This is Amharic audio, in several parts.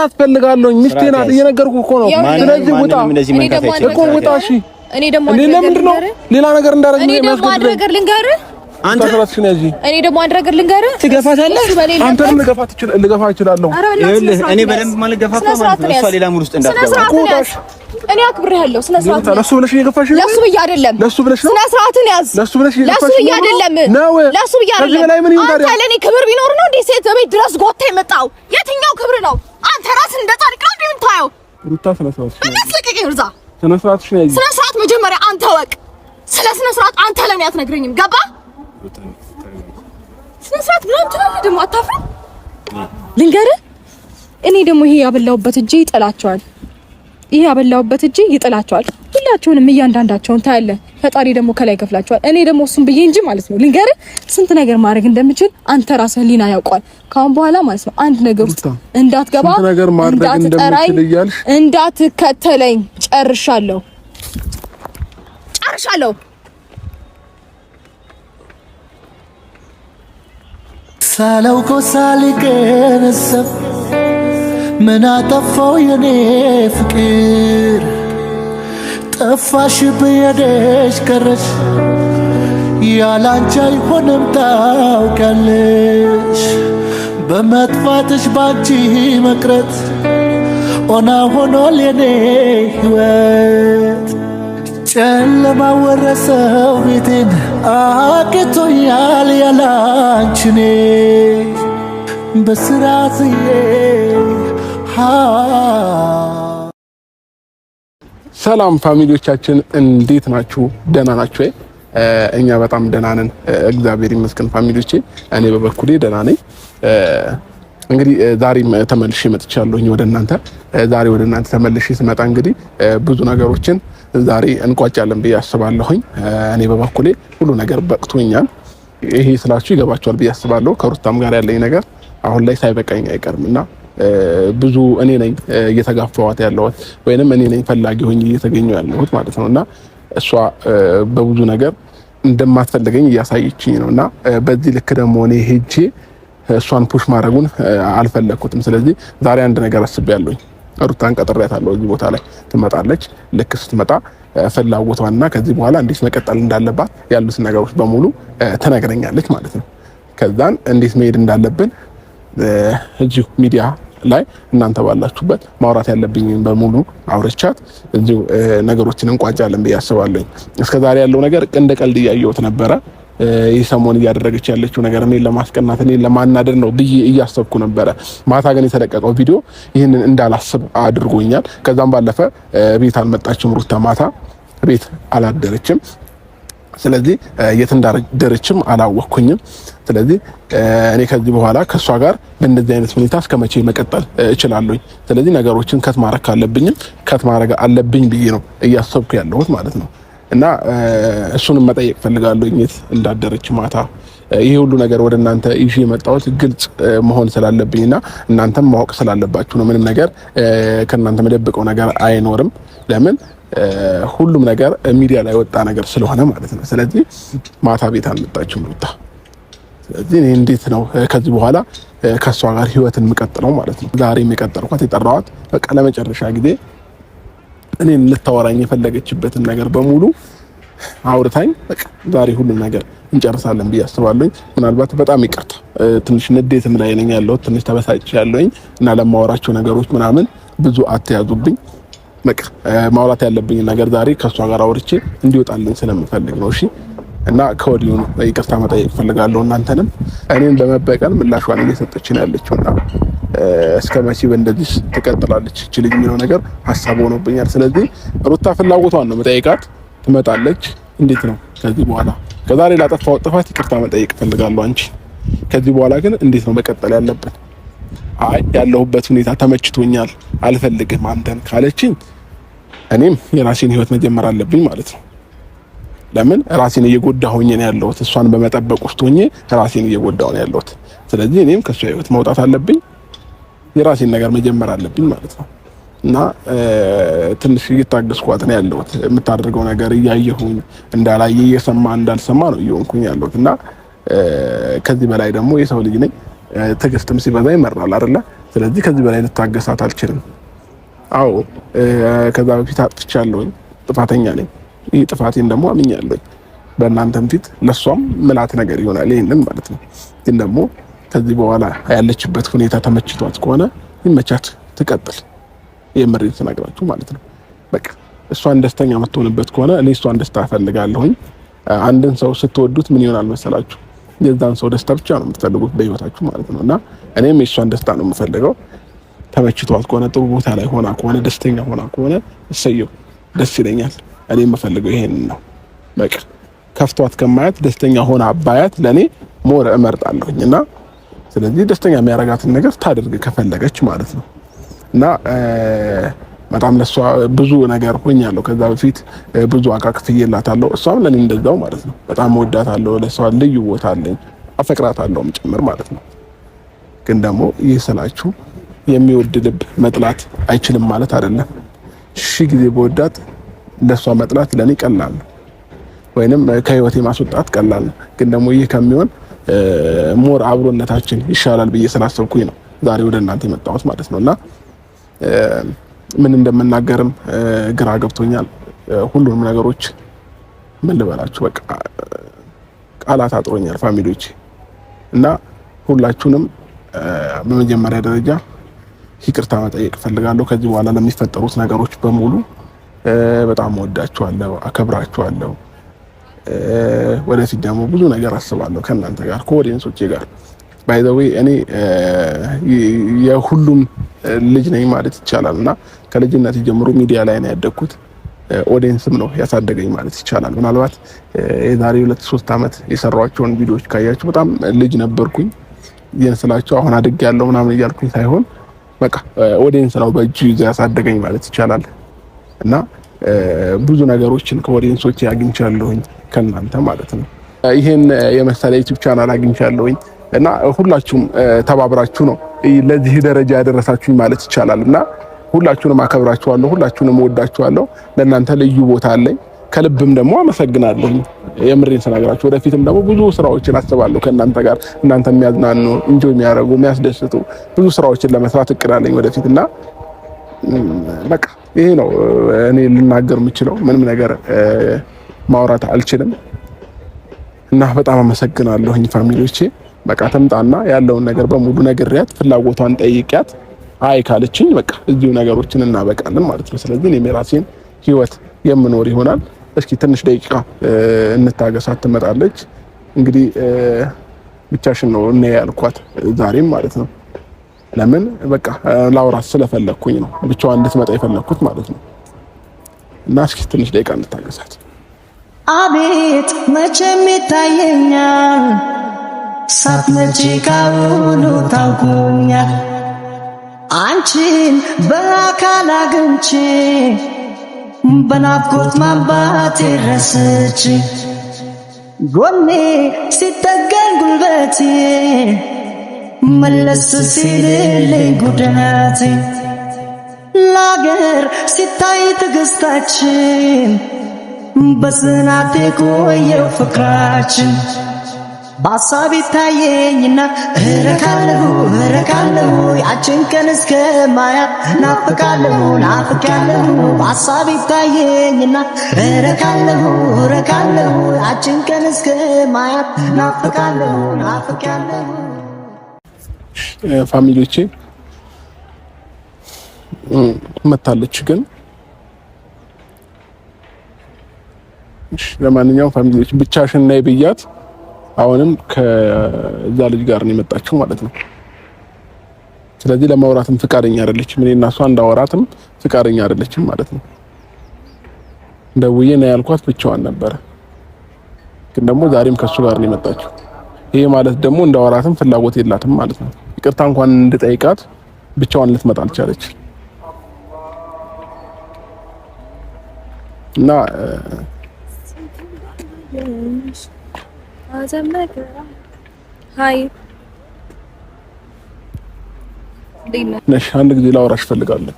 መውጣት ፈልጋለሁ። ሚስቴ ናት፣ እየነገርኩ እኮ ነው። ስለዚህ ውጣ እኮ ውጣ። እሺ እኔ ደግሞ ለምንድን ነው ሌላ ነገር እንዳደረግ ነው የሚያስገድደኝ? አንተ ተባስክኝ እንጂ እኔ ደግሞ አንድ ነገር ልንገርህ፣ ትገፋታለህ። አንተንም ልገፋ እችላለሁ። እኔ በደንብ ማለት ገፋ ማለት ነው። እሷ ሌላ ሙድ ውስጥ እንዳትገባ እኔ አክብሬሃለሁ። ስነ ስርዓት ነው። ለሱ ብለሽ እየገፋሽ ነው። ለሱ ብዬሽ አይደለም። ለሱ ብለሽ ነው። ስነ ስርዓትን ያዝ። ለሱ ብለሽ እየገፋሽ ነው። ለሱ ብዬሽ አይደለም። አንተ ለእኔ ክብር ቢኖር ነው እንዴ ሴት ቤት ድረስ ጎታ የመጣው የትኛው ክብር ነው? አንተ ራስ እንደ ጻድቅ ነው እንደምታየው። ሩታ ስነ ስርዓት በሚያስለቅቀኝ ሩዛ ስነ ስርዓት ነው። ስነ ስርዓት መጀመሪያ አንተ ወቅ። ስለ ስነ ስርዓት አንተ ለኔ አትነግረኝም? ገባ ስነ ስርዓት ብላ ትላለህ። ደግሞ አታፍርም? ልንገርህ እኔ ደግሞ ይሄ ያበላሁበት እጄ ይጠላቸዋል። ይሄ ያበላውበት እጅ ይጥላቸዋል። ሁላቸውንም እያንዳንዳቸውን ታያለ። ፈጣሪ ደግሞ ከላይ ከፍላቸዋል። እኔ ደግሞ እሱን ብዬ እንጂ ማለት ነው ልንገርህ፣ ስንት ነገር ማድረግ እንደምችል አንተ ራስህ ሊና ያውቋል። ካሁን በኋላ ማለት ነው አንድ ነገር ውስጥ እንዳትገባ፣ እንዳትጠራኝ፣ እንዳትከተለኝ። ጨርሻለሁ፣ ጨርሻለሁ። ሳላውቀው ሳልገነዘብ ምን አጠፋው የኔ ፍቅር ጠፋሽ ብየደሽ ቀረሽ ያላንቺ አይሆንም ታውቂያለሽ በመጥፋትሽ ባንቺ መቅረት ኦና ሆኗል የኔ ህይወት! ጨለማ ወረሰው ቤቴን አቅቶኛል ያላንችኔ በስራ ዝዬ ሰላም ፋሚሊዎቻችን እንዴት ናችሁ? ደህና ናችሁ ወይ? እኛ በጣም ደህና ነን፣ እግዚአብሔር ይመስገን ፋሚሊዎቼ። እኔ በበኩሌ ደህና ነኝ። እንግዲህ ዛሬም ተመልሼ መጥቻለሁኝ ወደ እናንተ። ዛሬ ወደ እናንተ ተመልሼ ስመጣ እንግዲህ ብዙ ነገሮችን ዛሬ እንቋጫለን ብዬ አስባለሁኝ። እኔ በበኩሌ ሁሉ ነገር በቅቶኛል። ይሄ ስላችሁ ይገባችኋል ብዬ አስባለሁ። ከሩታም ጋር ያለኝ ነገር አሁን ላይ ሳይበቃኝ አይቀርም እና ብዙ እኔ ነኝ እየተጋፋዋት ያለሁት ወይንም እኔ ነኝ ፈላጊ ሆኝ እየተገኘ ያለሁት ማለት ነው እና እሷ በብዙ ነገር እንደማትፈልገኝ እያሳየችኝ ነው እና በዚህ ልክ ደግሞ እኔ ሄጄ እሷን ፑሽ ማድረጉን አልፈለግኩትም። ስለዚህ ዛሬ አንድ ነገር አስቤያለሁኝ። ሩታን ቀጥሬያታለሁ። እዚህ ቦታ ላይ ትመጣለች። ልክ ስትመጣ ፍላጎቷንና ከዚህ በኋላ እንዴት መቀጠል እንዳለባት ያሉትን ነገሮች በሙሉ ትነግረኛለች ማለት ነው። ከዛን እንዴት መሄድ እንዳለብን እዚሁ ሚዲያ ላይ እናንተ ባላችሁበት ማውራት ያለብኝ በሙሉ አውርቻት እዚሁ ነገሮችን እንቋጫለን ብዬ አስባለሁ። እስከዛሬ ያለው ነገር እንደ ቀልድ እያየሁት ነበረ። ይህ ሰሞን እያደረገች ያለችው ነገር እኔን ለማስቀናት እኔን ለማናደድ ነው ብዬ እያሰብኩ ነበረ። ማታ ግን የተለቀቀው ቪዲዮ ይህንን እንዳላስብ አድርጎኛል። ከዛም ባለፈ ቤት አልመጣችም ሩታ ማታ ቤት አላደረችም። ስለዚህ የት እንዳደረችም አላወቅኩኝም። ስለዚህ እኔ ከዚህ በኋላ ከእሷ ጋር በእንደዚህ አይነት ሁኔታ እስከ መቼ መቀጠል እችላለሁኝ? ስለዚህ ነገሮችን ከት ማድረግ ካለብኝም ከት ማድረግ አለብኝ ብዬ ነው እያሰብኩ ያለሁት ማለት ነው። እና እሱንም መጠየቅ ፈልጋለሁ የት እንዳደረች ማታ ይሄ ሁሉ ነገር ወደ እናንተ ይዤ የመጣሁት ግልጽ መሆን ስላለብኝ እናንተም ማወቅ ስላለባችሁ ነው። ምንም ነገር ከእናንተ መደብቀው ነገር አይኖርም። ለምን ሁሉም ነገር ሚዲያ ላይ ወጣ ነገር ስለሆነ ማለት ነው። ስለዚህ ማታ ቤት አልመጣችም ሩታ። ስለዚህ እኔ እንዴት ነው ከዚህ በኋላ ከእሷ ጋር ህይወትን የምቀጥለው ማለት ነው። ዛሬ የቀጠርኳት የጠራዋት በቃ ለመጨረሻ ጊዜ እኔ ልታወራኝ የፈለገችበትን ነገር በሙሉ አውርታኝ በቃ ዛሬ ሁሉም ነገር እንጨርሳለን ብዬ አስባለሁኝ። ምናልባት በጣም ይቅርታ ትንሽ ንዴት ምን አይነኝ ያለሁት፣ ትንሽ ተበሳጭ ያለኝ እና ለማወራቸው ነገሮች ምናምን ብዙ አትያዙብኝ። በቃ ማውላት ያለብኝ ነገር ዛሬ ከእሷ ጋር አውርቼ እንዲወጣልን ስለምፈልግ ነው። እሺ እና ከወዲሁ ይቅርታ መጠየቅ ፈልጋለሁ። እናንተንም እኔን በመበቀል ምላሿን ነው ያለችው እና እስከ መቼ በእንደዚህ ትቀጥላለች እች ልጅ የሚለው ነገር ሀሳብ ሆኖብኛል። ስለዚህ ሩታ ፍላጎቷን ነው መጠየቃት ትመጣለች። እንዴት ነው ከዚህ በኋላ ከዛሬ ላጠፋው ጥፋት ይቅርታ መጠየቅ ፈልጋለሁ። አንቺ ከዚህ በኋላ ግን እንዴት ነው መቀጠል ያለብን? አይ ያለሁበት ሁኔታ ተመችቶኛል፣ አልፈልግም አንተን ካለችኝ እኔም የራሴን ህይወት መጀመር አለብኝ ማለት ነው። ለምን ራሴን እየጎዳሁኝ ነው ያለሁት? እሷን በመጠበቅ ውስጥ ሆኜ ራሴን እየጎዳሁ ነው ያለሁት። ስለዚህ እኔም ከእሷ ህይወት መውጣት አለብኝ፣ የራሴን ነገር መጀመር አለብኝ ማለት ነው። እና ትንሽ እየታገስኳት ነው ያለሁት። የምታደርገው ነገር እያየሁኝ እንዳላየ እየሰማ እንዳልሰማ ነው እየሆንኩኝ ያለሁት እና ከዚህ በላይ ደግሞ የሰው ልጅ ነኝ ትዕግስትም ሲበዛ ይመራል አይደለ? ስለዚህ ከዚህ በላይ ልታገሳት አልችልም። አዎ ከዛ በፊት አጥፍቻለሁኝ፣ ጥፋተኛ ነኝ። ይህ ጥፋቴን ደግሞ አምኛለሁኝ። በእናንተም ፊት ለእሷም ምላት ነገር ይሆናል ይህንን ማለት ነው። ግን ደግሞ ከዚህ በኋላ ያለችበት ሁኔታ ተመችቷት ከሆነ ይመቻት፣ ትቀጥል። የምሬን ስነግራችሁ ማለት ነው። በቃ እሷን ደስተኛ የምትሆንበት ከሆነ እኔ እሷን ደስታ እፈልጋለሁኝ። አንድን ሰው ስትወዱት ምን ይሆናል መሰላችሁ? የዛን ሰው ደስታ ብቻ ነው የምትፈልጉት በህይወታችሁ ማለት ነው። እና እኔም የእሷን ደስታ ነው የምፈልገው። ተመችቷት ከሆነ ጥሩ ቦታ ላይ ሆና ከሆነ ደስተኛ ሆና ከሆነ እሰየው፣ ደስ ይለኛል። እኔ የምፈልገው ይሄንን ነው። በቃ ከፍቷት ከማያት ደስተኛ ሆና አባያት ለእኔ ሞር እመርጣለሁኝ። እና ስለዚህ ደስተኛ የሚያረጋትን ነገር ታደርግ ከፈለገች ማለት ነው እና በጣም ለእሷ ብዙ ነገር ሆኛለሁ። ከዛ በፊት ብዙ ዋጋ ከፍዬላታለሁ። እሷም ለእኔ እንደዛው ማለት ነው። በጣም ወዳታለሁ። ለእሷ ልዩ ቦታ አለኝ፣ አፈቅራታለሁም ጭምር ማለት ነው። ግን ደግሞ ይህ ስላችሁ የሚወድ ልብ መጥላት አይችልም ማለት አይደለም። ሺ ጊዜ በወዳት ለእሷ መጥላት ለእኔ ቀላል ነው፣ ወይንም ከህይወቴ ማስወጣት ቀላል ነው። ግን ደግሞ ይህ ከሚሆን ሞር አብሮነታችን ይሻላል ብዬ ስላሰብኩኝ ነው ዛሬ ወደ እናንተ የመጣሁት ማለት ነው እና ምን እንደምናገርም ግራ ገብቶኛል። ሁሉንም ነገሮች ምን ልበላችሁ በቃ ቃላት አጥሮኛል። ፋሚሊዎች እና ሁላችሁንም በመጀመሪያ ደረጃ ይቅርታ መጠየቅ እፈልጋለሁ። ከዚህ በኋላ ለሚፈጠሩት ነገሮች በሙሉ በጣም ወዳችኋለሁ፣ አከብራችኋለሁ። ወደፊት ደግሞ ብዙ ነገር አስባለሁ ከእናንተ ጋር ከወዲንሶቼ ጋር ባይዘዌ እኔ የሁሉም ልጅ ነኝ ማለት ይቻላል እና ከልጅነት ጀምሮ ሚዲያ ላይ ነው ያደግኩት። ኦዲየንስም ነው ያሳደገኝ ማለት ይቻላል። ምናልባት የዛሬ ሁለት ሶስት ዓመት የሰሯቸውን ቪዲዮዎች ካያችሁ በጣም ልጅ ነበርኩኝ። ይህን ስላቸው አሁን አድግ ያለው ምናምን እያልኩኝ ሳይሆን በቃ ኦዲየንስ ነው በእጁ ይዞ ያሳደገኝ ማለት ይቻላል እና ብዙ ነገሮችን ከኦዲየንሶች አግኝቻለሁኝ ከእናንተ ማለት ነው። ይህን የመሰለ ዩቲዩብ ቻናል አግኝቻለሁኝ። እና ሁላችሁም ተባብራችሁ ነው ለዚህ ደረጃ ያደረሳችሁኝ ማለት ይቻላል። እና ሁላችሁንም አከብራችኋለሁ፣ ሁላችሁንም ወዳችኋለሁ። ለእናንተ ልዩ ቦታ አለኝ። ከልብም ደግሞ አመሰግናለሁ። የምሬን ስነግራችሁ ወደፊትም ደግሞ ብዙ ስራዎችን አስባለሁ ከእናንተ ጋር እናንተ የሚያዝናኑ እንጆ የሚያደርጉ የሚያስደስቱ ብዙ ስራዎችን ለመስራት እቅዳለኝ ወደፊት እና በቃ ይሄ ነው እኔ ልናገር የምችለው። ምንም ነገር ማውራት አልችልም እና በጣም አመሰግናለሁኝ ፋሚሊዎቼ። በቃ ትምጣና ያለውን ነገር በሙሉ ነግሬያት ፍላጎቷን ጠይቂያት አይ ካለችኝ በቃ እዚሁ ነገሮችን እናበቃለን ማለት ነው። ስለዚህ እኔም የራሴን ህይወት የምኖር ይሆናል። እስኪ ትንሽ ደቂቃ እንታገሳት፣ ትመጣለች እንግዲህ ብቻሽን ነው እኔ ያልኳት ዛሬም ማለት ነው። ለምን በቃ ላውራት ስለፈለግኩኝ ነው ብቻዋን እንድትመጣ የፈለግኩት ማለት ነው። እና እስኪ ትንሽ ደቂቃ እንታገሳት። አቤት መቼም ይታየኛል ሳትመጪ ካሁኑ ታውቁኛል። አንቺን በአካል አግኝቼ በናፍቆት ማባቴ ረስች ጎኔ ሲጠገን ጉልበቴ መለስ ሲልልኝ ጉዳቴ ለአገር ሲታይ ትግስታችን በጽናቴ ቆየው ፍቅራችን በሀሳብ ይታየኝና እረካለሁ እረካለሁ ያችን ቀን እስከማያት ናፍቃለሁ ናፍቃለሁ በሀሳብ ይታየኝና እረካለሁ እረካለሁ ያችን ቀን እስከማያት ናፍቃለሁ ናፍቃለሁ ፋሚሊዎቼ መታለች ግን ለማንኛውም ፋሚሊዎች ብቻሽን ነይ ብያት አሁንም ከዛ ልጅ ጋር ነው የመጣችው ማለት ነው። ስለዚህ ለማውራትም ፍቃደኛ አይደለችም። እኔ እና እሷ እንዳወራትም ፍቃደኛ አይደለችም ማለት ነው። ደውዬ ነው ያልኳት፣ ብቻዋን ነበረ። ግን ደግሞ ዛሬም ከሱ ጋር ነው የመጣችው። ይሄ ማለት ደግሞ እንዳወራትም ፍላጎት የላትም ማለት ነው። ይቅርታ እንኳን እንድጠይቃት ብቻዋን ልትመጣ አልቻለች። እና አንድ ጊዜ ላውራሽ እፈልጋለሁ።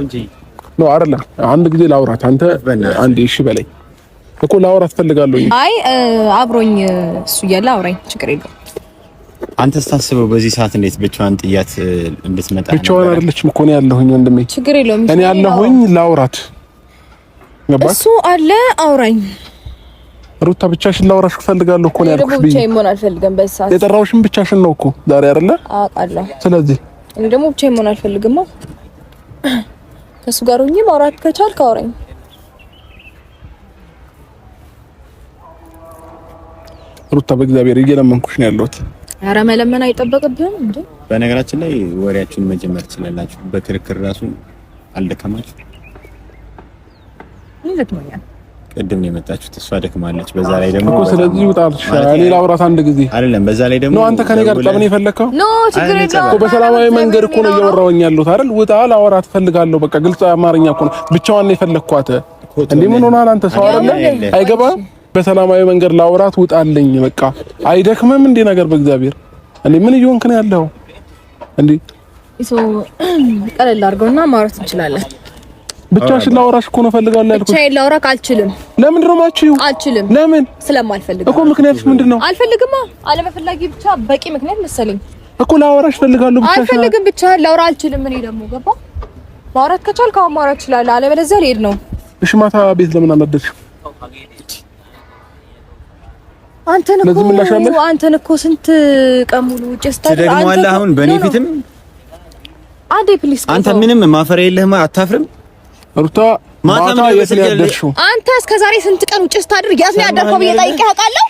እንዴ ነው አይደለም? አንድ ጊዜ ላውራት። አንተ አንዴ እሺ በለኝ እኮ ላውራት እፈልጋለሁ። አይ አብሮኝ እሱ እያለ አውራኝ፣ ችግር የለውም። አንተ ስታስበው በዚህ ሰዓት እንዴት ብቻዋን ጥያት እንድትመጣ? ብቻዋን አይደለችም እኮ ነው ያለሁኝ፣ ወንድሜ። ችግር የለውም። እኔ ያለሁኝ ላውራት። እሱ አለ አውራኝ ሩታ ብቻሽን ላውራሽ ፈልጋለሁ እኮ ነው ያልኩሽ። ብቻዬን መሆን አልፈልግም። በሳስ የጠራሁሽም ብቻሽን ነው እኮ ዛሬ አይደለ? አውቃለሁ። ስለዚህ እኔ ደግሞ ብቻዬን መሆን አልፈልግማ። ከሱ ጋር ሆኜ ማውራት ከቻልክ አውራኝ። ሩታ በእግዚአብሔር እየለመንኩሽ ነው ያለሁት። ኧረ መለመን አይጠበቅብህም እንዴ። በነገራችን ላይ ወሬያችሁን መጀመር ትችላላችሁ። በክርክር ራሱ አልደከማችሁ ይዘትሞኛል ቅድም የመጣችሁት። እሷ ደክማለች። በዛ ላይ ደግሞ እኮ ስለዚህ ውጣልሽ እኔ ላውራት አንድ ጊዜ አይደለም። በዛ ላይ ደግሞ አንተ ከኔ ጋር ጠብ ነው የፈለከው? ኖ ችግር የለም እኮ በሰላማዊ መንገድ እኮ ነው እያወራሁኝ ያለሁት አይደል? ውጣ ላውራት እፈልጋለሁ። በቃ ግልጽ አማርኛ እኮ ነው። ብቻዋን ነው የፈለኳት እንዴ? ምን ሆናል? አንተ ሰው አይደለም አይገባም። በሰላማዊ መንገድ ላውራት ውጣልኝ። በቃ አይደክምም እንዴ ነገር? በእግዚአብሔር እንዴ ምን እየሆንክ ነው ያለው እንዴ? ቀለል አድርገውና ማውራት እንችላለን። ብቻሽን ላወራሽ እኮ ነው እፈልጋለሁ ያልኩት። ብቻዬን ላወራክ አልችልም። ለምን ሮማችሁ? አልችልም። ለምን ስለማልፈልግ እኮ። ምክንያትሽ ምንድን ነው? አልፈልግማ። አለመፈላጊ ብቻ በቂ ምክንያት መሰለኝ እኮ። ላወራሽ እፈልጋለሁ። ብቻ አልፈልግም። ብቻ ላወራ አልችልም። እኔ ደግሞ ገባ። ማውራት ከቻልክ አሁን ማውራት እችላለሁ፣ አለበለዚያ ልሄድ ነው። እሺ፣ ማታ ቤት ለምን አልመደብሽም? አንተን እኮ አንተን እኮ ስንት ቀን ሙሉ ውጭ ስታደር አንተ ደግሞ አሁን በእኔ ፊትም አንዴ ፕሊስ። አንተ ምንም ማፈሪያ የለህማ። አታፍርም ሩታ ማታ የት ነው ያደርሽው? አንተ እስከ ዛሬ ስንት ቀን ውጭ ስታድር የት ነው ያደርከው ብዬ ጠይቄ አውቃለሁ?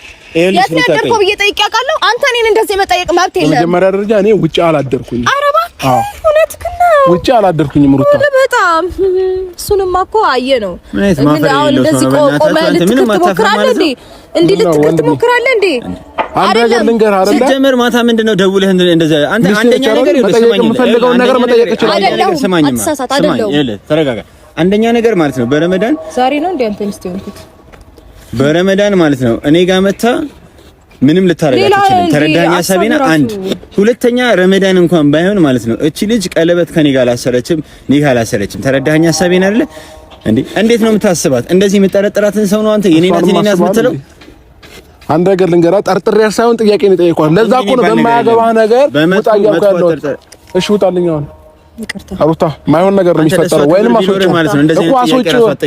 የት ነው ያደርከው ብዬ ጠይቄ አውቃለሁ? አንተ እኔን እንደዚህ መጠየቅ መብት የለህም። በመጀመሪያ ደረጃ እኔ ውጭ አላደርኩኝም። ኧረ እባክህ እውነትህን ነው፣ ውጭ አላደርኩኝም ሩታ። በጣም እሱንማ እኮ አየ ነው። ምን አሁን እንደዚህ ቆመህ ልትክት ትሞክራለህ እንዴ? እንዴ ልትክት ትሞክራለህ እንዴ? አንድ ነገር ልንገርህ አይደለ? ሲጀመር ማታ ምንድነው ነው ደውለህ እንደዛ አንተ አንደኛ ነገር ይኸውልህ፣ ስማኝ፣ የምፈልገውን ነገር መጠየቅ እችላለሁ። አይደለሁም፣ አትሳሳት። አይደለሁም፣ ተረጋጋ አንደኛ ነገር ማለት ነው በረመዳን ዛሬ ነው እንዴ አንተ ሚስት የሆንኩት በረመዳን ማለት ነው። እኔ ጋር መታ ምንም ልታረጋት አትችልም። ተረዳኝ ሀሳቤና አንድ ሁለተኛ ረመዳን እንኳን ባይሆን ማለት ነው እቺ ልጅ ቀለበት ከኔ ጋር አላሰረችም፣ እኔ ጋር አላሰረችም። ተረዳኝ ሀሳቤና አይደለ እንዴ? እንዴት ነው የምታስባት? እንደዚህ የምጠረጥራትን ሰው ነው አንተ የኔ ናት የኔ ናት የምትለው። አንድ ነገር ልንገራት፣ ጠርጥሬ ሳይሆን ጥያቄ ነው የጠየኳት። ለዛ እኮ ነው በማያገባ ነገር ወጣ እያልኩ ያለሁት። እሺ ውጣልኝ አሁን አሩታ ማይሆን ነገር ነው የሚፈጠረው። ወይንም አስወጪው ማለት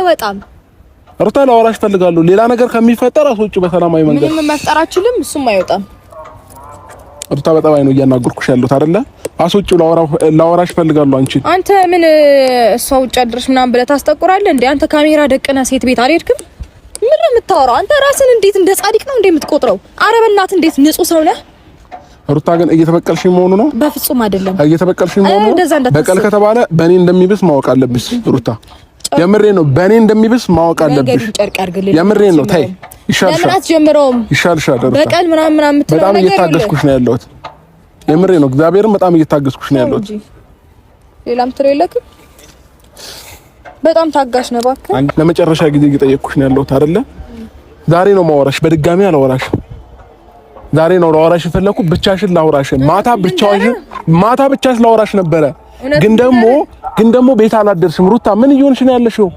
አይወጣም። ሩታ ላወራሽ እፈልጋለሁ። ሌላ ነገር ከሚፈጠር አስወጪው በሰላማዊ መንገድ። ምንም መፍጠር አችልም። እሱም አይወጣም። አሩታ በጠባይ ነው እያናገርኩሽ ያለሁት አይደለ? ላወራሽ እፈልጋለሁ። አንቺ አንተ ምን እሷ ውጭ አድርሽ ምናምን ብለህ ታስጠቁራለህ እንዴ? አንተ ካሜራ ደቅና ሴት ቤት አልሄድክም? ምን ነው የምታወራው አንተ? ራስን እንዴት እንደ ጻድቅ ነው እንደ የምትቆጥረው? አረበናት እንዴት ንጹህ ሰው ነህ? ሩታ ግን እየተበቀልሽ መሆኑ ነው። በፍጹም አይደለም እየተበቀልሽ መሆኑ በቀል ከተባለ በእኔ እንደሚብስ ማወቅ አለብሽ ሩታ። የምሬ ነው። በእኔ እንደሚብስ ማወቅ አለብሽ። የምሬ ነው። ታይ ይሻልሻል፣ ይሻልሻል። በቀል ምናምን ምናምን የምትለው በጣም እየታገስኩሽ ነው ያለሁት። የምሬ ነው። እግዚአብሔርን በጣም እየታገስኩሽ ነው ያለሁት። ሌላ ምትለው የለክም። በጣም ታጋሽ ነው እባክህ። ለመጨረሻ ጊዜ እየጠየቅኩሽ ነው ያለሁት አይደለ? ዛሬ ነው ማወራሽ፣ በድጋሚ አላወራሽም ዛሬ ነው ላወራሽ የፈለኩ። ብቻሽን ላወራሽ ማታ ብቻሽ ማታ ብቻሽ ላወራሽ ነበረ፣ ግን ደግሞ ግን ደግሞ ቤት አላደርሽም። ሩታ ምን እየሆንሽ ነው ያለሽው?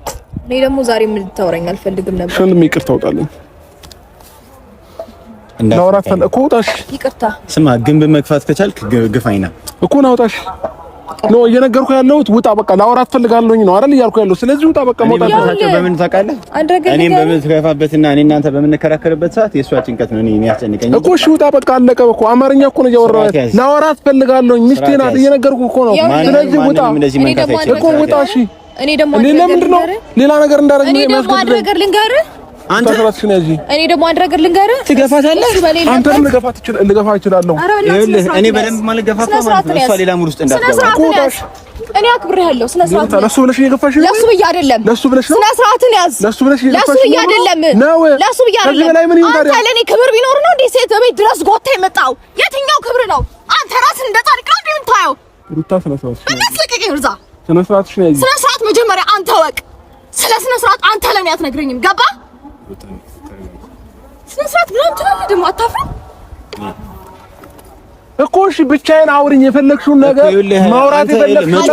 እኔ ደግሞ ዛሬ ምን ልታወራኝ አልፈልግም ነበር። ሽንም ይቅርታ አውጣልኝ። ላወራት ፈለኩ። ውጣሽ። ይቅርታ ስማ፣ ግንብ መግፋት ከቻልክ ግፋኝና እኮ ነው ናውጣሽ ኖ እየነገርኩ ያለሁት ውጣ በቃ ላወራት ፈልጋለሁኝ ነው አይደል እያልኩ ያለሁት። ስለዚህ ውጣ በቃ መውጣት ነው። በምን ታውቃለህ? እኔም በምን ትከፋበትና እኔ እናንተ በምንከራከርበት ሰዓት የእሷ ጭንቀት ነው እኔ የሚያስጨንቀኝ እኮ። እሺ ውጣ በቃ አለቀ እኮ። አማርኛ እኮ ነው እያወራሁት። ላወራት ፈልጋለሁኝ ሚስቴ ናት እየነገርኩ እኮ ነው። ስለዚህ ውጣ እኮ ውጣ። እሺ እኔ ደግሞ ለምንድን ነው ሌላ ነገር እንዳደረግ ነው የሚያስገድደኝ? አንተ እኔ ደግሞ አንድ ነገር ልንገርህ፣ ትገፋታለህ። አንተም ልገፋት እችላለሁ። እኔ በደንብ ማለት ገፋት ማለት ነው። ውስጥ እንዳትገባ እኔ ስነ ስርዓት ነው። ለሱ ብለሽ ለሱ አይደለም። ለሱ ብለሽ ነው። ስነ ያዝ። ለሱ ብለሽ አይደለም ነው። ለሱ አይደለም። አንተ ክብር ቢኖር ነው እንዴ ሴት ቤት ድረስ ጎታ የመጣው? የትኛው ክብር ነው? አንተ ራስህ እንደ ጻድቅ ነው እንደምታየው። ሩታ ስነ ስርዓት ስነ ስርዓት መጀመሪያ አንተ ወቅ። ስለ ስነ ስርዓት አንተ ለኔ አትነግረኝም። ገባ ስነ ስርዓት ምናምን ትላለህ ደግሞ አታፍርም እኮ እሺ ብቻዬን አውሪኝ የፈለግሽውን ነገር ማውራት የፈለግሽውን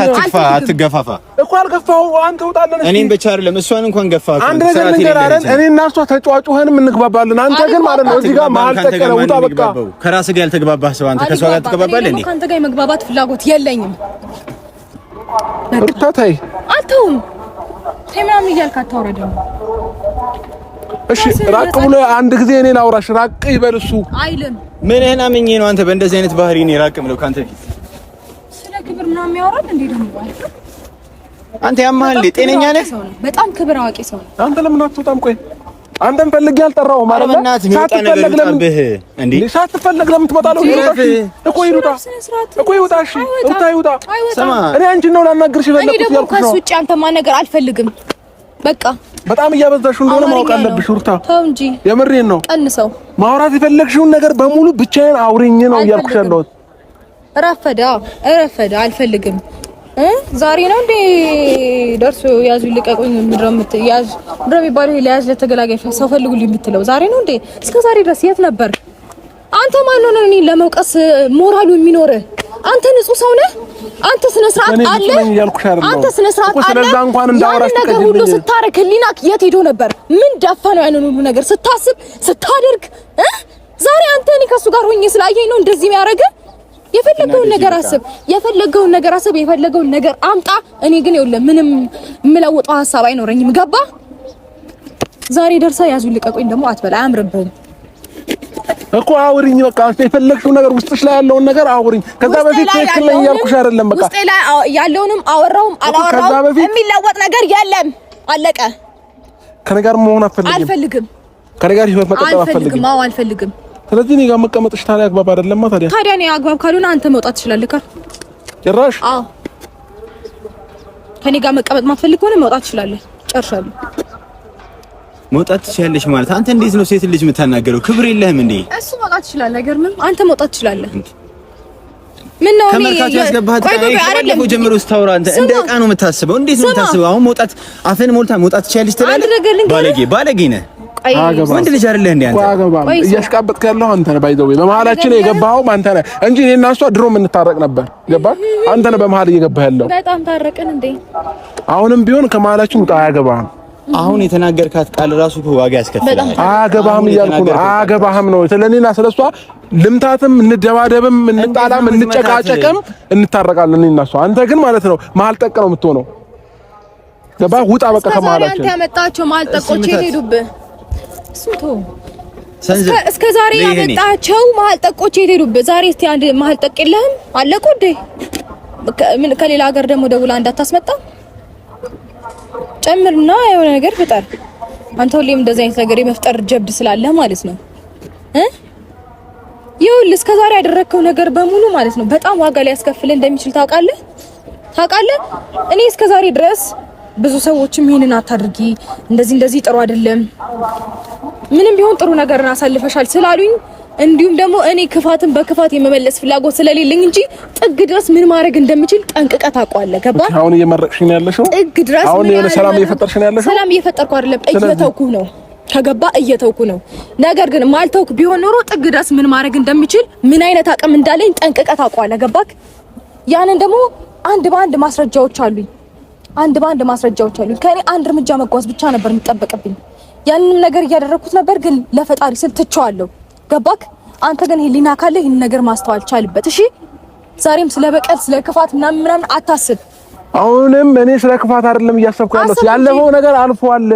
አትግፋ አትገፋፋ እኮ አልገፋሁም አንተ ውጣለን እኔን ብቻ አይደለም እሷን እንኳን ገፋ አንድ ነገር ልንገራለን እኔ እና እሷ ተጫዋጩህንም እንግባባለን አንተ ግን ማለት ነው እዚህ ጋር መሀል ጠቀለ ውጣ በቃ ከራስህ ጋር ያልተግባባህ ሰው አንተ ከእሷ ጋር ትግባባለህ እንዴ ከአንተ ጋር የመግባባት ፍላጎት የለኝም በቃ ተይ አልተውም ምናምን እያልክ አታውራ እሺ ራቅ ብሎ አንድ ጊዜ እኔ ላውራሽ ራቅ ይበል እሱ አይልም። ምንህን አምኜ ነው አንተ በእንደዚህ አይነት ባህሪ እኔ ራቅ ምለው ካንተ ፊት ስለ ክብር ምናምን ያወራል እንዴ ደግሞ አንተ ያማህል ጤነኛ ነህ? በጣም ክብር አዋቂ ሰው ነው አንተ። ለምን አትወጣም? ቆይ አንተን ፈልጌ አልጠራሁም ማለት ነው። ሳትፈለግ ለምን እንዴ? ሳትፈለግ ለምን ትመጣለህ? እኮ ይውጣ እኮ ይውጣ። እሺ ሩታ ይውጣ። እኔ አንቺን ነው ላናግርሽ የፈለኩት ያልኩሽ ነው። እኔ ደግሞ ከእሱ ውጪ አንተ ማናገር አልፈልግም። በቃ በጣም እያበዛሽው እንደሆነ ማወቅ አለብሽ ሩታ። ተው እንጂ የምሬን ነው። ቀንሰው ማውራት የፈለግሽውን ነገር በሙሉ ብቻዬን አውሪኝ ነው እያልኩሽ ያለሁት። ረፈዳ ረፈዳ አልፈልግም ዛሬ ነው እንዴ ደርሶ ያዙ ልቀቁኝ ምድረምት ያዝ ምድረም ይባሉ ለያዝ ለተገላጋይ ሰው ፈልጉልኝ የምትለው ዛሬ ነው እንዴ? እስከ ዛሬ ድረስ የት ነበር አንተ? ማን ነው እኔን ለመውቀስ ሞራሉ የሚኖር? አንተ ንጹህ ሰው ነህ። አንተ ስነ ስርዓት አለ። አንተ ስነ ስርዓት አለ። ያንን ነገር ሁሉ ስታረክ ህሊናክ የት ሄዶ ነበር? ምን ዳፋ ነው ያንን ሁሉ ነገር ስታስብ ስታደርግ? ዛሬ አንተ እኔ ከሱ ጋር ሆኜ ስላየኝ ነው እንደዚህ የሚያደርግህ የፈለገውን ነገር አስብ፣ የፈለገውን ነገር አስብ፣ የፈለገውን ነገር አምጣ። እኔ ግን ይኸውልህ ምንም የምለውጠው ሀሳብ አይኖረኝም። ገባ? ዛሬ ደርሳ ያዙ ልቀቁኝ ደግሞ አትበላ፣ አያምርብህም እኮ አውሪኝ፣ በቃ አንተ የፈለግሽው ነገር ውስጥሽ ላይ ያለውን ነገር አውሪኝ። ከዛ በፊት ትክክል ላይ እያልኩሽ አይደለም። በቃ ውስጤ ላይ ያለውንም አወራውም አላወራውም የሚለወጥ ነገር የለም። አለቀ። ከኔ ጋር መሆን አልፈልግም። አልፈልግም። ከኔ ጋር ህይወት መቀጠል አልፈልግም። አዎ አልፈልግም። ስለዚህ እኔ ጋር መቀመጥሽ ታዲያ አግባብ አይደለም። ታዲያ ታዲያ እኔ አግባብ ካልሆነ አንተ መውጣት ትችላለህ። ካል ጭራሽ አዎ፣ ከኔ ጋር መቀመጥ ማትፈልግ ከሆነ መውጣት ትችላለህ። ጨርሻለሁ። መውጣት ትችላለሽ ማለት አንተ እንዴት ነው ሴት ልጅ የምታናገረው? ክብር የለህም እንዴ? እሱ መውጣት ይችላል። ነገር ምን አንተ መውጣት ትችላለህ። ምን ነው እኔ ያስገባህ ታዲያ? እኮ ጀምሮ ስታወራ አንተ እንደ ዕቃ ነው የምታስበው። እንዴት ነው የምታስበው? አሁን መውጣት አፈን ሞልታ መውጣት ትችላለሽ ትላለህ። ባለጌ ባለጌ ነህ ወንድ ልጅ አይደለህ እንዴ አንተ? እያሽቃበጥክ ያለው አንተ ነህ። ባይዘው በመሀላችን የገባኸው አንተ ነህ እንጂ እኔ እና እሷ ድሮ የምንታረቅ ነበር። ገባህ? አንተ ነህ በመሀል እየገባህ ያለው። በጣም ታረቅን እንዴ? አሁንም ቢሆን ከመሀላችን ውጣ። አያገባህም። አሁን የተናገርካት ቃል ራሱ ዋጋ ያስከፍላል። አያገባህም እያልኩ ነው። አያገባህም ነው ስለኔና ስለሷ ልምታትም እንደባደብም እንጣላም እንጨቃጨቅም እንታረቃለን እኔና እሷ። አንተ ግን ማለት ነው መሀል ጠቅ ነው የምትሆነው። ገባህ? ውጣ በቃ ከመሀላችን። አንተ ያመጣቸው መሀል ጠቆች ይሄዱብህ ሱቶ እስከ ዛሬ ያመጣቸው መሀል ጠቆች የት ሄዱበት? ዛሬ እስቲ አንድ መሀል ጠቅ የለህም? አለቁ እንዴ? ከሌላ ሀገር ደግሞ ደውላ እንዳታስመጣ ጨምርና የሆነ ነገር ፍጠር። አንተ ሁሌም እንደዚህ አይነት ነገር የመፍጠር ጀብድ ስላለ ማለት ነው እ ይኸውልህ እስከ ዛሬ ያደረግከው ነገር በሙሉ ማለት ነው በጣም ዋጋ ሊያስከፍልህ እንደሚችል ታውቃለህ ታውቃለህ። እኔ እስከ ዛሬ ድረስ ብዙ ሰዎችም ይሄንን አታድርጊ፣ እንደዚህ እንደዚህ ጥሩ አይደለም፣ ምንም ቢሆን ጥሩ ነገርን አሳልፈሻል ስላሉኝ እንዲሁም ደግሞ እኔ ክፋትን በክፋት የመመለስ ፍላጎት ስለሌለኝ እንጂ ጥግ ድረስ ምን ማድረግ እንደምችል ጠንቅቀት ታውቀዋለህ። ገባህ? አሁን እየመረቅሽ ነው ያለሽው። ጥግ ድረስ አሁን የሆነ ሰላም እየፈጠርሽ ነው ያለሽው። ሰላም እየፈጠርኩ አይደለም፣ እየተውኩ ነው። ከገባህ? እየተውኩ ነው። ነገር ግን ማልተውክ ቢሆን ኖሮ ጥግ ድረስ ምን ማድረግ እንደምችል ምን አይነት አቅም እንዳለኝ ጠንቅቀት ታውቀዋለህ። ገባህ? ያንን ደግሞ አንድ በአንድ ማስረጃዎች አሉኝ። አንድ በአንድ ማስረጃዎች አሉ። ከኔ አንድ እርምጃ መጓዝ ብቻ ነበር የሚጠበቅብኝ። ያንንም ነገር እያደረግኩት ነበር፣ ግን ለፈጣሪ ስል ትቼዋለሁ። ገባክ? አንተ ግን ህሊና ካለ ይህን ነገር ማስተዋል ቻልበት። እሺ፣ ዛሬም ስለ በቀል ስለ ክፋት ምናምን ምናምን አታስብ። አሁንም እኔ ስለ ክፋት አይደለም እያሰብኩ ያለሁት። ያለፈው ነገር አልፏል።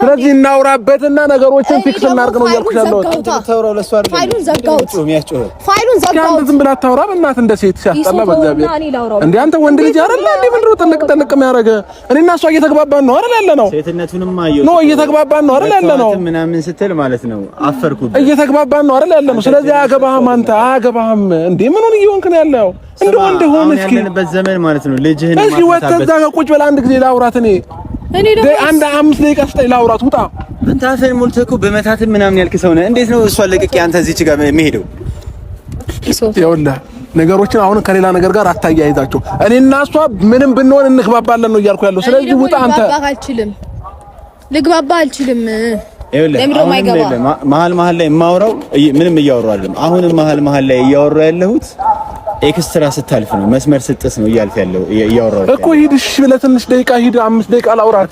ስለዚህ እናውራበትና ነገሮችን ፊክስ እናርግ ነው እያልኩሽ ያለሁት። ፋይሉን ዘጋሁት። ዝም ብላ ታውራ በእናትህ፣ እንደ ሴት ሲያስጠላ። በእግዚአብሔር እንደ አንተ ወንድ ልጅ አይደለ እንዴ? ምንድን ነው ጥንቅ ጥንቅ የሚያደርግ? እኔና እሷ እየተግባባን ነው አይደል ያለ ነው። ሴትነቱንም አየሁ ነው። እየተግባባን ነው አይደል ያለ ነው። ምናምን ስትል ማለት ነው አፈርኩ። እየተግባባን ነው አይደል ያለ ነው። ስለዚህ አያገባህም፣ አንተ አያገባህም። እንዴ ምን ሆነ እየሆንክ ነው ያለው እንደው እንደሆነ እስኪ ያለንበት ዘመን ማለት ነው። ልጅህን እስኪ ወጥተህ እዛ ጋር ቁጭ በለው አንድ ጊዜ ላውራት። እኔ እኔ ደግሞ አንድ አምስት ደቂቃ ስጠኝ ላውራት። ውጣ አንተ አፈን ሞልተህ እኮ በመታትህ ምናምን ያልክ ሰው ነህ። እንዴት ነው እሷ ለቅቄ አንተ እዚች ጋር የሚሄደው? ይኸውልህ ነገሮችን አሁን ከሌላ ነገር ጋር አታያይዛቸው። እኔ እና እሷ ምንም ብንሆን እንግባባለን ነው እያልኩ ያለው። ስለዚህ ውጣ አንተ። አልችልም፣ ልግባባ አልችልም። መሀል መሀል ላይ የማወራው ምንም እያወራሁ አይደለም። አሁንም መሀል መሀል ላይ እያወራሁ ያለሁት ኤክስትራ ስታልፍ ነው መስመር ስጥስ ነው እያልፍ ያለው እያወራሁ እኮ። ሂድ እሺ ብለህ ትንሽ ደቂቃ ሂድ፣ አምስት ደቂቃ ላውራት።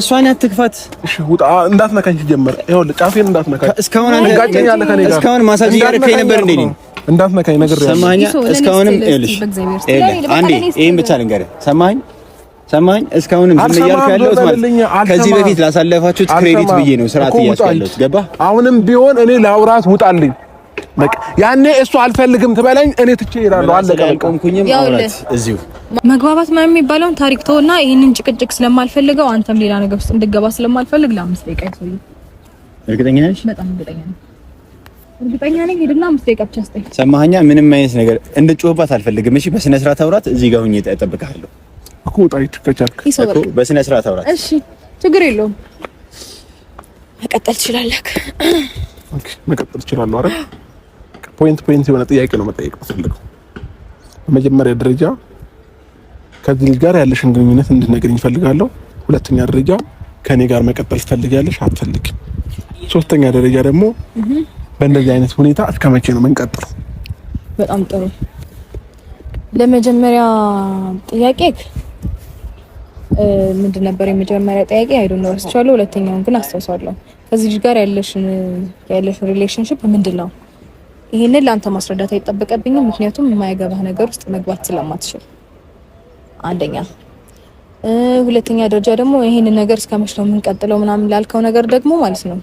እሷን አትክፋት እሺ። ውጣ፣ እንዳትነካኝ ሲጀመር። ይኸውልህ ጫፌን እንዳትነካኝ። እስካሁን ጋር እስካሁን ማሳጅ እያደረከኝ ነበር እንዴ? እንዳትነካኝ ነገር ያለው ሰማኸኝ። እስካሁንም ይኸውልሽ፣ አንዴ ይሄን ብቻ ልንገርህ። ሰማኸኝ ሰማኝ እስካሁንም ዝም እያልኩ ያለሁት ማለት ከዚህ በፊት ላሳለፋችሁት ክሬዲት ብዬ ነው ስርዓት እያስኩ ያለሁት። ገባህ? አሁንም ቢሆን እኔ ላውራት ውጣልኝ በቃ ያኔ እሱ አልፈልግም ትበለኝ፣ እኔ ትቼ እሄዳለሁ። አለቀ እዚሁ መግባባት ማለት የሚባለውን ታሪክ ተውና ይህንን ጭቅጭቅ ስለማልፈልገው አንተም ሌላ ነገር ውስጥ እንድገባ ስለማልፈልግ ለአምስት ደቂቃ ይቆይ። እርግጠኛ ነሽ? በጣም እርግጠኛ ነኝ። እርግጠኛ ነኝ። ሄድና አምስት ደቂቃ ብቻ ስጠኝ። ሰማኸኛ? ምንም አይነት ነገር እንድጮህባት አልፈልግም። እሺ፣ በስነ ስርዓት አውራት። እዚህ ጋር ሁኜ እጠብቅሃለሁ እኮ ጣይት ከቻልክ እኮ በስነ ስርዓት አውራት። እሺ፣ ችግር የለውም። መቀጠል ትችላለህ። መቀጠል ትችላለህ። አረ ፖይንት ፖይንት የሆነ ጥያቄ ነው መጠየቅ ፈልገው። በመጀመሪያ ደረጃ ከዚህ ልጅ ጋር ያለሽን ግንኙነት እንድነግርኝ ፈልጋለሁ። ሁለተኛ ደረጃ ከኔ ጋር መቀጠል ትፈልጊያለሽ አትፈልግም? ሶስተኛ ደረጃ ደግሞ በእንደዚህ አይነት ሁኔታ እስከ መቼ ነው የምንቀጥለው? በጣም ጥሩ። ለመጀመሪያ ጥያቄ ምንድን ነበር? የመጀመሪያ ጥያቄ አይዶ ነው ረስቻለሁ። ሁለተኛውን ግን አስታውሳለሁ። ከዚህ ልጅ ጋር ያለሽን ያለሽን ሪሌሽንሽፕ ምንድን ነው? ይሄንን ለአንተ ማስረዳት አይጠበቀብኝም፣ ምክንያቱም የማይገባህ ነገር ውስጥ መግባት ስለማትችል አንደኛ። ሁለተኛ ደረጃ ደግሞ ይሄንን ነገር እስከመሽተው ነው የምንቀጥለው ምናምን ላልከው ነገር ደግሞ ማለት ነው